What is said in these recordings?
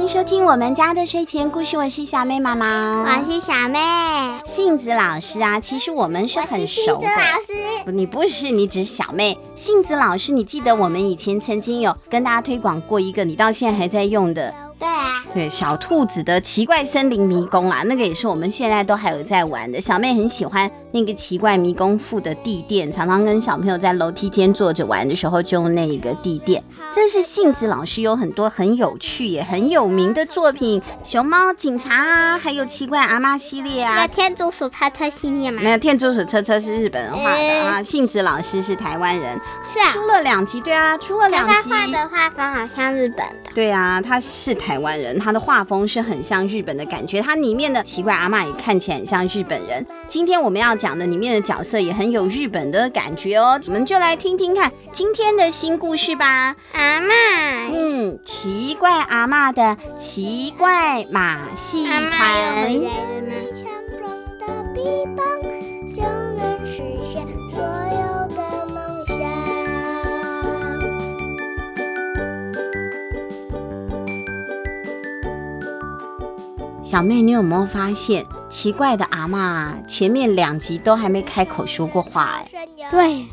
歡迎收聽我們家的睡前故事，我是小妹媽媽，我是小妹。信子老師啊，其實我們是很熟的。老師，不，你不是，你只是小妹。信子老師，你記得我們以前曾經有跟大家推廣過一個，你到現在還在用的。對啊。對，小兔子的奇怪森林迷宮啊，那個也是我們現在都還有在玩的。小妹很喜歡。那個奇怪迷宮附的地墊，常常跟小朋友在樓梯間坐着玩的時候，就用那個地墊。這是信子老師有很多很有趣也很有名的作品，熊貓警察啊，還有奇怪阿嬤系列啊、天竺鼠車車系列嗎？沒有，天竺鼠車車是日本人畫的啊，信是子老師是台灣人，是啊，出了兩集，對啊，出了兩集。他畫的畫風好像日本的。對啊，他是台灣人，他的畫風是很像日本的感覺，他裡面的奇怪阿嬤也看起來很像日本人。今天我們要。講的裡面的角色也很有日本的感覺哦，我們就來聽聽看今天的新故事吧。阿嬤，嗯，奇怪阿嬤的奇怪馬戲團。有能力強壯的臂膀就能實現所有的夢想。小妹，你有沒有發現？奇怪的阿嬤，前面兩集都還沒開口說過話誒，哎，對，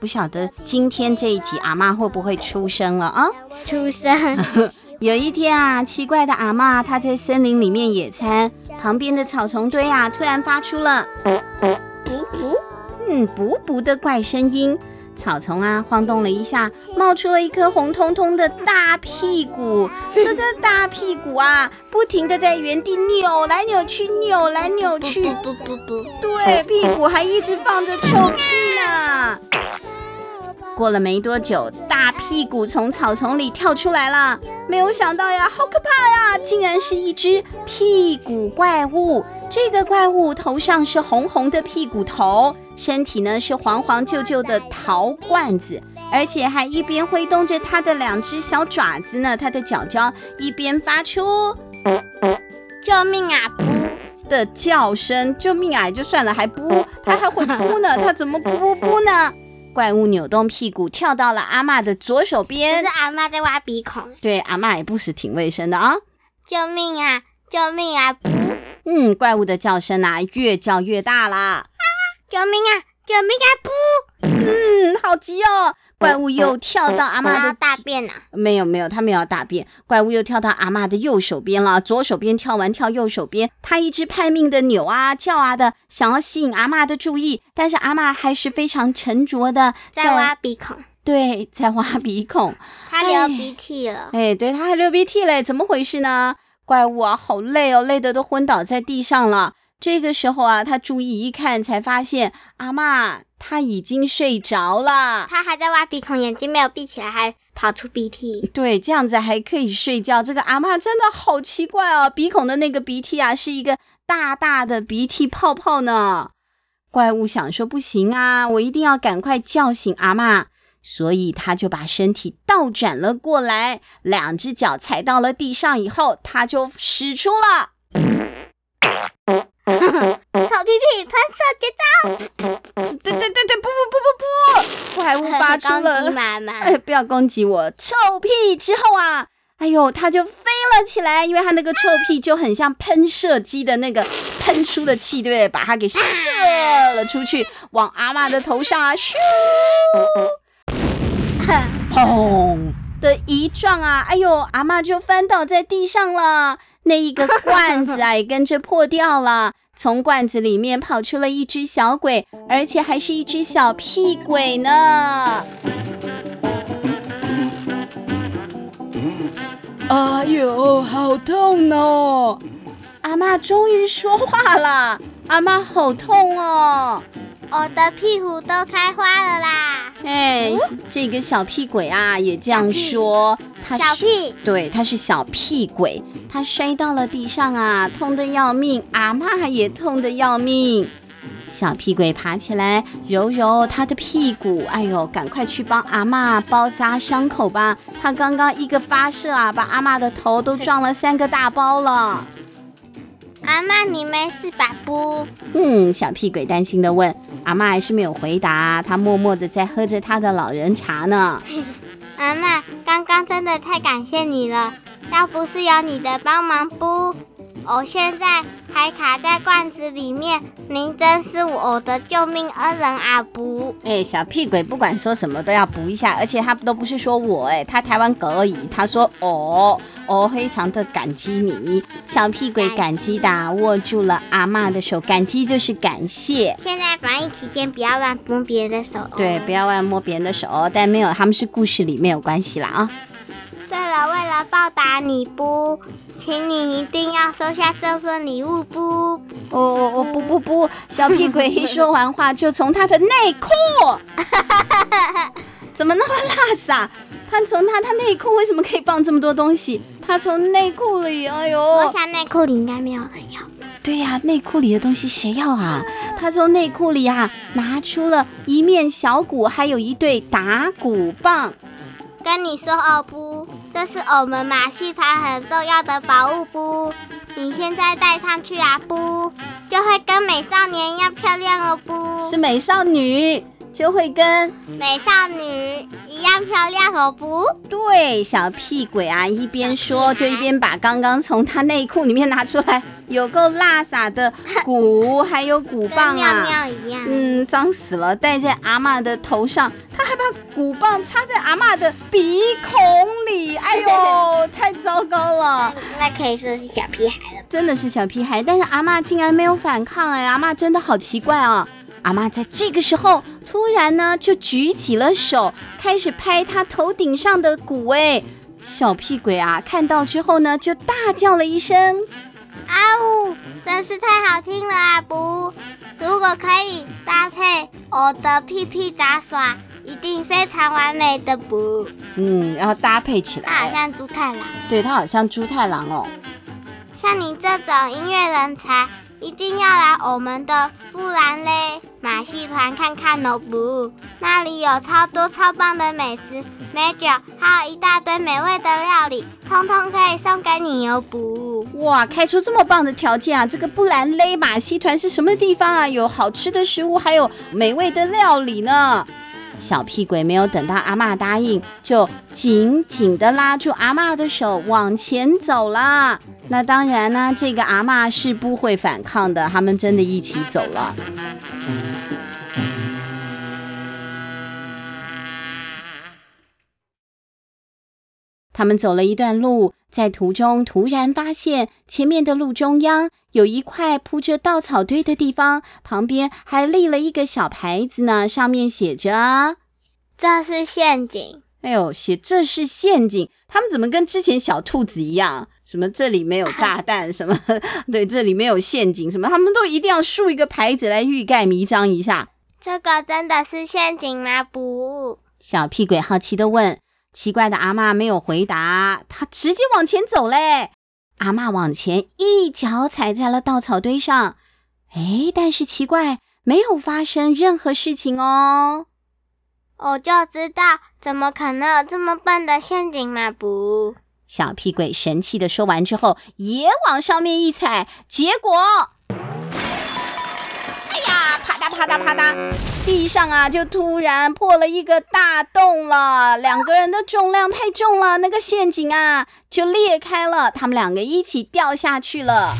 不曉得今天這一集阿嬤會不會出生了啊？出生。 有一天啊，奇怪的阿嬤，她在森林裡面野餐，旁邊的草叢堆啊，突然發出了“噗噗，嗯，噗噗”的怪聲音。草叢啊，晃動了一下，冒出了一顆紅彤彤的大屁股。這個大屁股啊，不停地在原地扭來扭去，扭來扭去，嘟嘟嘟嘟。對，屁股還一直放着臭屁呢。過了沒多久，大屁股從草叢裡跳出來了。沒有想到呀，好可怕呀！竟然是一隻屁股怪物。這個怪物頭上是紅紅的屁股頭，身體呢是黃黃舊舊的陶罐子，而且還一邊揮動着它的兩隻小爪子呢，它的腳腳一邊發出“救命啊，噗”的叫聲。救命啊就算了，還噗，它還會噗呢，它怎麼噗噗呢？怪物扭動屁股，跳到了阿嬤的左手邊。這是阿嬤在挖鼻孔。對，阿嬤也不是挺衛生的啊！救命啊！救命啊！噗，嗯，怪物的叫聲啊，越叫越大了。啊！救命啊！救命啊！噗，嗯，好急哦。怪物又跳到阿嬤的、嗯嗯嗯嗯、大便了，沒有沒有，他沒有大便。怪物又跳到阿嬤的右手邊了，左手邊跳完跳右手邊，他一直拼命的扭啊叫啊的，想要吸引阿嬤的注意，但是阿嬤還是非常沉着的在挖鼻孔，對，在挖鼻孔，他、嗯、流鼻涕了，哎，哎，對，他還流鼻涕嘞，怎麼回事呢？怪物啊，好累哦，累得都昏倒在地上了。這個時候啊，他注意一看，才發現阿嬤她已經睡着了。她還在挖鼻孔，眼睛沒有閉起來，還跑出鼻涕。對，這樣子還可以睡覺。這個阿嬤真的好奇怪哦，鼻孔的那個鼻涕啊，是一個大大的鼻涕泡泡呢。怪物想說不行啊，我一定要趕快叫醒阿嬤，所以他就把身體倒轉了過來，兩隻腳踩到了地上以後，他就使出了。 屁屁噴射絕招！對對對對，不不不不不，怪物發出了媽媽，不要攻擊我！臭屁之後啊，哎呦，它就飛了起來，因為它那個臭屁就很像噴射機的那個噴出的氣，對不對？把它給射了出去，往阿嬤的頭上啊，咻，砰哼的一撞啊，哎呦，阿嬤就翻倒在地上了。那一個罐子，哎、啊，也跟着破掉了， 從罐子裡面跑出了一隻小鬼，而且還是一隻小屁鬼呢！哎呦，好痛哦。阿嬤終於說話了，阿嬤好痛哦，我的屁股都開花了啦！哎，hey, 哦、這個小屁鬼啊，也這樣說。小屁他是小屁對，他是小屁鬼。他摔到了地上啊，痛得要命。阿嬤也痛得要命。小屁鬼爬起來，揉揉他的屁股。哎呦，趕快去幫阿嬤包紮傷口吧。他剛剛一個發射啊，把阿嬤的頭都撞了三個大包了。阿嬤，你沒事吧？不，嗯，小屁鬼擔心的問。阿嬤還是沒有回答，她默默的在喝着她的老人茶呢。呵呵，阿嬤，剛剛真的太感謝你了，要不是有你的幫忙，不。我、哦、現在還卡在罐子裡面，您真是我的救命恩人阿、啊、噗！哎、欸，小屁鬼不管說什麼都要噗一下，而且他都不是說我、欸，哎，他台灣狗而已。他說：“哦我、哦、非常的感激你，小屁鬼感激的、啊、握住了阿嬤的手，感激就是感謝。”現在防疫期間，不要亂摸別人的手。對，哦、不要亂摸別人的手，但沒有，他們是故事裡沒有關係啦啊。對了，為了報答你噗。請你一定要收下這份禮物不？我我我不不不，小屁鬼一說完話就從他的內褲， 怎麼那麼辣傻？撒他從他他內褲為什麼可以放這麼多東西？他從內褲裡，哎呦，我想內褲裡應該沒有人要。對呀，啊，內褲裡的東西誰要啊？他從內褲裡啊拿出了一面小鼓，還有一對打鼓棒，跟你說哦不。這是我們馬戲團很重要的寶物不？你現在戴上去啊不，就會跟美少年一樣漂亮哦不，是美少女。就會跟美少女一樣漂亮，好不？對，小屁鬼啊，一邊說就一邊把剛剛從他內褲裡面拿出來有夠辣撒的鼓， 還有鼓棒啊，妙妙一樣嗯，髒死了，戴在阿嬤的頭上，他還把鼓棒插在阿嬤的鼻孔裡，哎呦，太糟糕了！ 那，那可以說是小屁孩了，真的是小屁孩，但是阿嬤竟然沒有反抗、欸，哎，阿嬤真的好奇怪哦。阿媽在這個時候突然呢，就舉起了手，開始拍他頭頂上的鼓。哎，小屁鬼啊，看到之後呢，就大叫了一聲：“啊嗚、哦，真是太好聽了啊！”不，如果可以搭配我的屁屁雜耍，一定非常完美的不？嗯，然後搭配起來，他好像豬太郎，對，他好像豬太郎哦。像你這種音樂人才，一定要來我們的不然咧馬戲團看看哦，噗，那裡有超多超棒的美食美酒，還有一大堆美味的料理，通通可以送給你哦，噗，哇，開出這麼棒的條件啊！這個不然咧馬戲團是什麼地方啊？有好吃的食物，還有美味的料理呢？小屁鬼沒有等到阿嬤答應，就緊緊地拉住阿嬤的手往前走了。那當然呢，這個阿嬤是不會反抗的，他們真的一起走了。他們走了一段路，在途中突然發現前面的路中央有一塊鋪着稻草堆的地方，旁邊還立了一個小牌子呢，上面寫着“這是陷阱”。哎呦，寫這是陷阱！他們怎麼跟之前小兔子一樣？什麼這裡沒有炸彈？啊、什麼對，這裡沒有陷阱？什麼他們都一定要豎一個牌子來欲蓋彌彰一下？這個真的是陷阱嗎、啊？不。小屁鬼好奇地問。奇怪的阿嬤沒有回答，她直接往前走嘞。阿嬤往前一腳踩在了稻草堆上，哎，但是奇怪，沒有發生任何事情哦。我就知道，怎麼可能有這麼笨的陷阱嘛、啊？不，小屁鬼神氣的說完之後，也往上面一踩，結果。啪嗒啪嗒，地上啊就突然破了一個大洞了。兩個人的重量太重了，那個陷阱啊就裂開了，他們兩個一起掉下去了。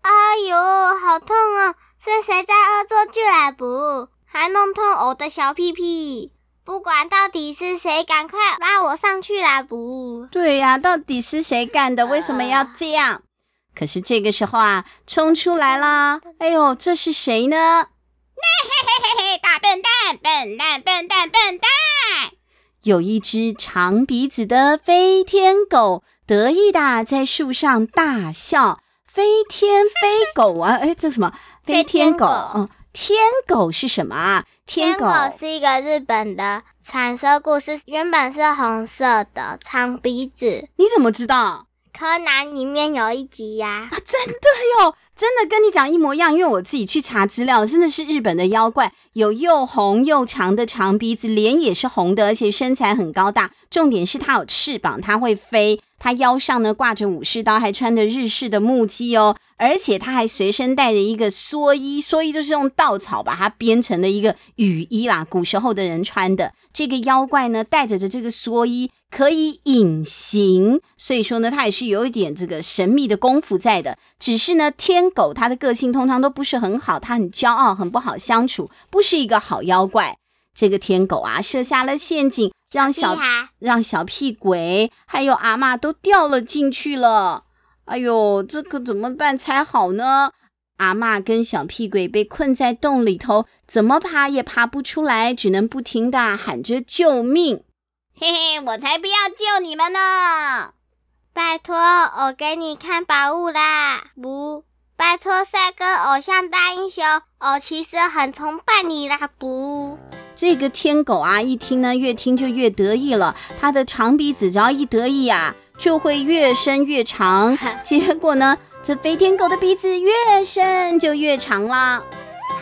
哎呦，好痛哦！是誰在惡作劇來不？還弄痛我的小屁屁！不管到底是誰，趕快拉我上去來不？對呀、啊，到底是誰幹的？為什麼要這樣？可是這個時候啊，衝出來啦！哎呦，這是誰呢？嘿嘿嘿嘿，大笨蛋，笨蛋，笨蛋，笨蛋！有一隻長鼻子的飛天狗，得意的在樹上大笑。飛天飛狗啊，哎，這什麼飛天狗，飛天狗。嗯，天狗是什麼啊？天狗，天狗是一個日本的傳說故事，原本是紅色的，長鼻子。你怎麼知道？柯南裡面有一集呀，啊，啊，真的喲？真的跟你講一模一樣，因為我自己去查資料，真的是日本的妖怪，有又紅又長的長鼻子，臉也是紅的，而且身材很高大，重點是它有翅膀，它會飛。他腰上呢，掛着武士刀，還穿着日式的木屐哦，而且他還隨身帶着一個蓑衣，蓑衣就是用稻草把它編成的一個雨衣啦。古時候的人穿的。這個妖怪呢，帶着着這個蓑衣可以隱形，所以說呢，他也是有一點這個神秘的功夫在的。只是呢，天狗他的個性通常都不是很好，他很驕傲，很不好相處，不是一個好妖怪。這個天狗啊，設下了陷阱。讓小、啊、讓小屁鬼還有阿嬤都掉了進去了，哎呦，這可、個、怎麼辦才好呢？阿嬤跟小屁鬼被困在洞裡頭，怎麼爬也爬不出來，只能不停的喊着救命。嘿嘿，我才不要救你們呢！拜託，我給你看寶物啦！不，拜託，帥哥，偶像大英雄，我其實很崇拜你啦！不。這個天狗啊，一聽呢，越聽就越得意了。他的長鼻子只要一得意呀、啊，就會越伸越長。結果呢，這飛天狗的鼻子越伸就越長了。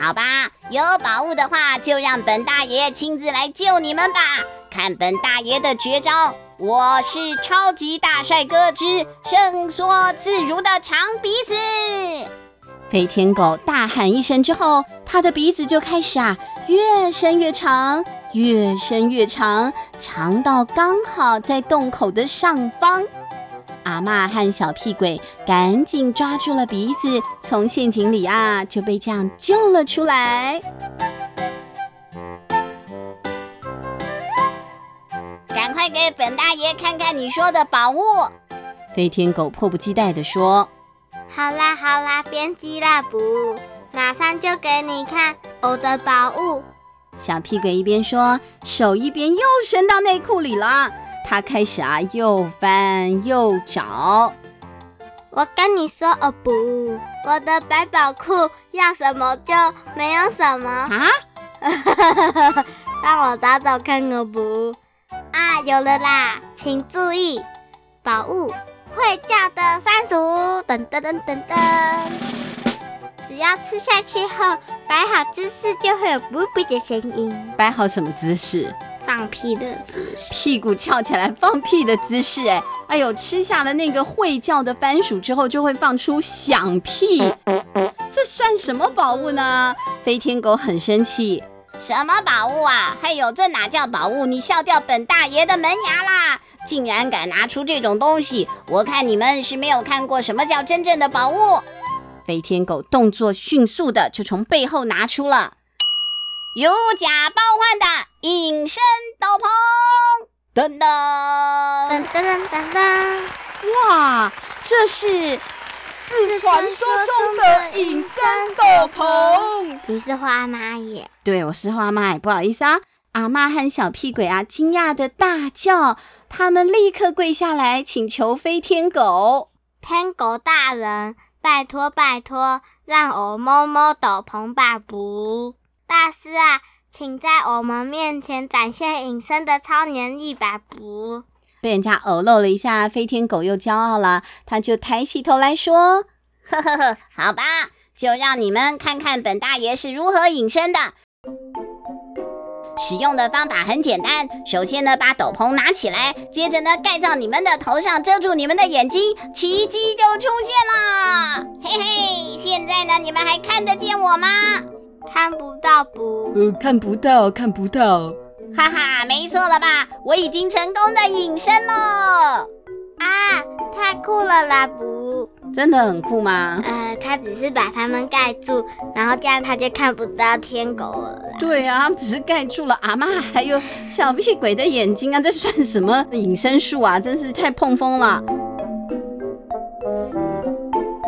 好吧，有寶物的話，就讓本大爺親自來救你們吧。看本大爺的絕招，我是超級大帥哥之伸縮自如的長鼻子。飛天狗大喊一聲之後，它的鼻子就開始啊越伸越長，越伸越長，長到剛好在洞口的上方。阿嬤和小屁鬼趕緊抓住了鼻子，從陷阱裡啊就被這樣救了出來。趕快給本大爺看看你說的寶物！飛天狗迫不及待地說。好啦好啦，別急啦，不，馬上就給你看我的寶物。小屁鬼一邊說，手一邊又伸到內褲裡啦。他開始啊，又翻又找。我跟你說，我、哦、不，我的百寶庫要什麼就沒有什麼。啊？ 讓我找找看，我、哦、不啊，有了啦，請注意，寶物。會叫的番薯，噔噔噔噔噔，只要吃下去後擺好姿勢，就會有噗噗的聲音。擺好什麼姿勢？放屁的姿勢。屁股翹起來放屁的姿勢、欸，哎，哎呦，吃下了那個會叫的番薯之後，就會放出響屁。這算什麼寶物呢？飛天狗很生氣。什麼寶物啊？哎呦，這哪叫寶物？你笑掉本大爺的門牙啦！竟然敢拿出這種東西！我看你們是沒有看過什麼叫真正的寶物。飛天狗動作迅速的就從背後拿出了如假包換的隱身斗篷，噔噔噔，噔噔噔噔！哇，這是是傳說中的隱身斗篷。是斗篷，你是花阿媽耶？對，我是花媽耶。不好意思啊，阿媽和小屁鬼啊，驚訝的大叫。他們立刻跪下來請求飛天狗：“天狗大人，拜託拜託，讓我摸摸斗篷吧。噗。大師啊，請在我們面前展現隱身的超能力吧。噗。被人家偶漏了一下，飛天狗又驕傲了，他就抬起頭來說：“呵呵呵，好吧，就讓你們看看本大爺是如何隱身的。”使用的方法很簡單，首先呢，把斗篷拿起來，接着呢，蓋在你們的頭上，遮住你們的眼睛，奇蹟就出現了。嘿嘿，現在呢，你們還看得見我嗎？看不到噗？呃，看不到，看不到。哈哈，沒錯了吧？我已經成功的隱身了。啊，太酷了啦！噗。真的很酷嗎？呃，他只是把他們蓋住，然後這樣他就看不到天狗了。對啊，他們只是蓋住了阿嬤還有小屁鬼的眼睛啊！ 這算什麼隱身術啊？真是太碰風了。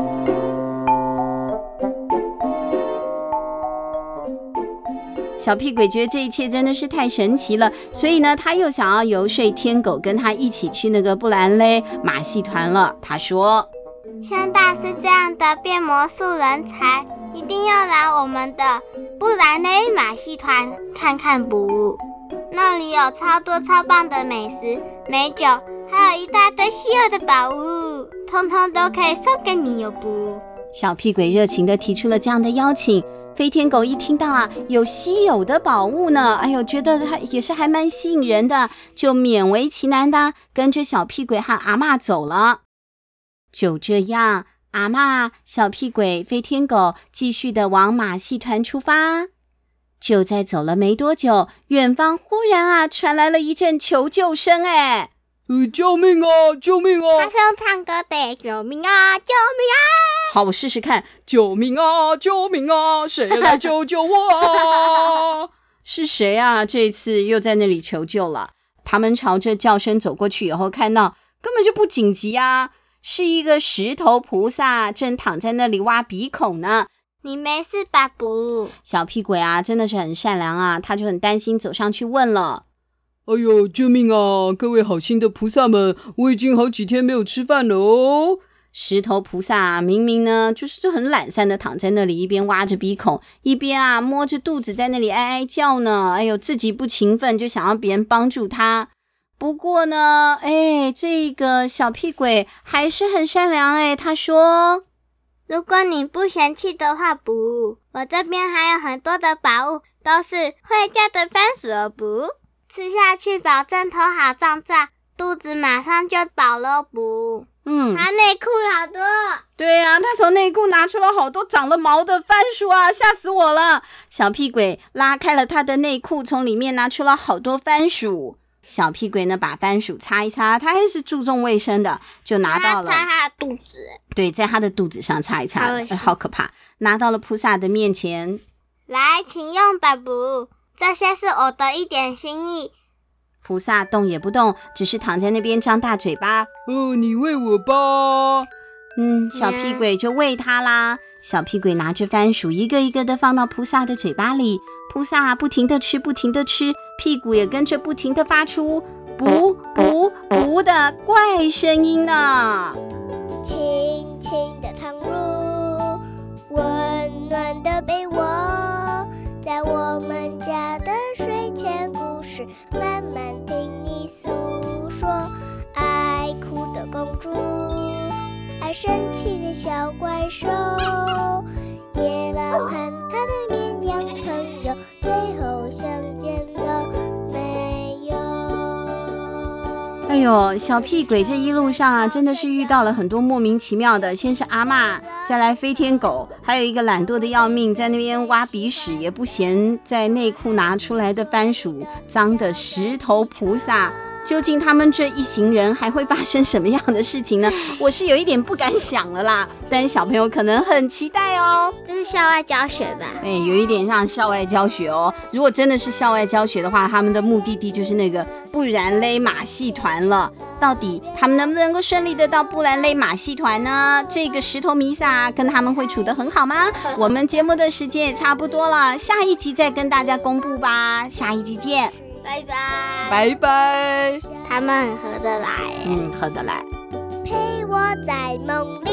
小屁鬼覺得這一切真的是太神奇了，所以呢，他又想要遊說天狗跟他一起去那個不然咧馬戲團了。他說。像大師這樣的變魔術人才，一定要來我們的不然咧馬戲團看看不？那裡有超多超棒的美食、美酒，還有一大堆稀有的寶物，通通都可以送給你喲，有不？小屁鬼熱情的提出了這樣的邀請，飛天狗一聽到啊，有稀有的寶物呢，哎呦，覺得還也是還蠻吸引人的，就勉為其難的跟着小屁鬼和阿嬤走了。就這樣，阿嬤、小屁鬼、飛天狗繼續的往馬戲團出發。就在走了沒多久，遠方忽然啊傳來了一陣求救聲：“哎，救命啊，救命啊！”他是用唱歌的：“救命啊，救命啊！”好，我試試看：“救命啊，救命啊，誰來救救我啊？ 是誰啊？這次又在那裡求救了。”他們朝着叫聲走過去以後，看到根本就不緊急啊。是一個石頭菩薩，正躺在那裡挖鼻孔呢。你沒事吧，不？小屁鬼啊，真的是很善良啊，他就很擔心，走上去問了。哎呦，救命啊！各位好心的菩薩們，我已經好幾天沒有吃飯了哦。石頭菩薩啊，明明呢，就是就很懶散的躺在那裡，一邊挖着鼻孔，一邊啊摸着肚子在那裡哀哀叫呢。哎呦，自己不勤奮，就想要別人幫助他。不過呢，哎，這個小屁鬼還是很善良哎。他說：“如果你不嫌棄的話，不，我這邊還有很多的寶物，都是會叫的番薯，不，吃下去保證頭好壯壯，肚子馬上就飽了，不？嗯，他內褲好多，對呀、啊，他從內褲拿出了好多長了毛的番薯啊，嚇死我了！小屁鬼拉開了他的內褲，從裡面拿出了好多番薯。”小屁鬼呢，把番薯擦一擦，他還是注重衛生的，就拿到了。擦他的肚子。對，在他的肚子上擦一擦，呃，好可怕。拿到了菩薩的面前，來，請用吧，不，這些是我的一點心意。菩薩動也不動，只是躺在那邊張大嘴巴。哦，呃，你餵我吧。嗯，小屁鬼就餵它啦。娘小屁鬼拿着番薯，一個一個的放到菩薩的嘴巴裡，菩薩不停的吃，不停的吃，屁股也跟着不停的發出噗噗噗的怪聲音呢。輕輕的躺入溫暖的被窩，在我們家的睡前故事，慢慢聽你訴說愛哭的公主。哎，生氣的小怪獸，野狼喊他的綿羊朋友，最後相見了沒有？哎呦，小屁鬼，這一路上啊，真的是遇到了很多莫名其妙的，先是阿嬤，再來飛天狗，還有一個懶惰的要命，在那邊挖鼻屎也不嫌，在內褲拿出來的番薯髒的石頭菩薩。究竟他們這一行人還會發生什麼樣的事情呢？我是有一點不敢想了啦。雖然小朋友可能很期待哦，這是校外教學吧？哎、欸，有一點像校外教學哦。如果真的是校外教學的話，他們的目的地就是那個不然咧馬戲團了。到底他們能不能夠順利的到不然咧馬戲團呢？這個石頭彌撒跟他們會處得很好嗎？ 我們節目的時間也差不多了，下一集再跟大家公布吧。下一集見。拜拜，拜拜。他們很合得來耶，嗯，合得來。陪我在夢。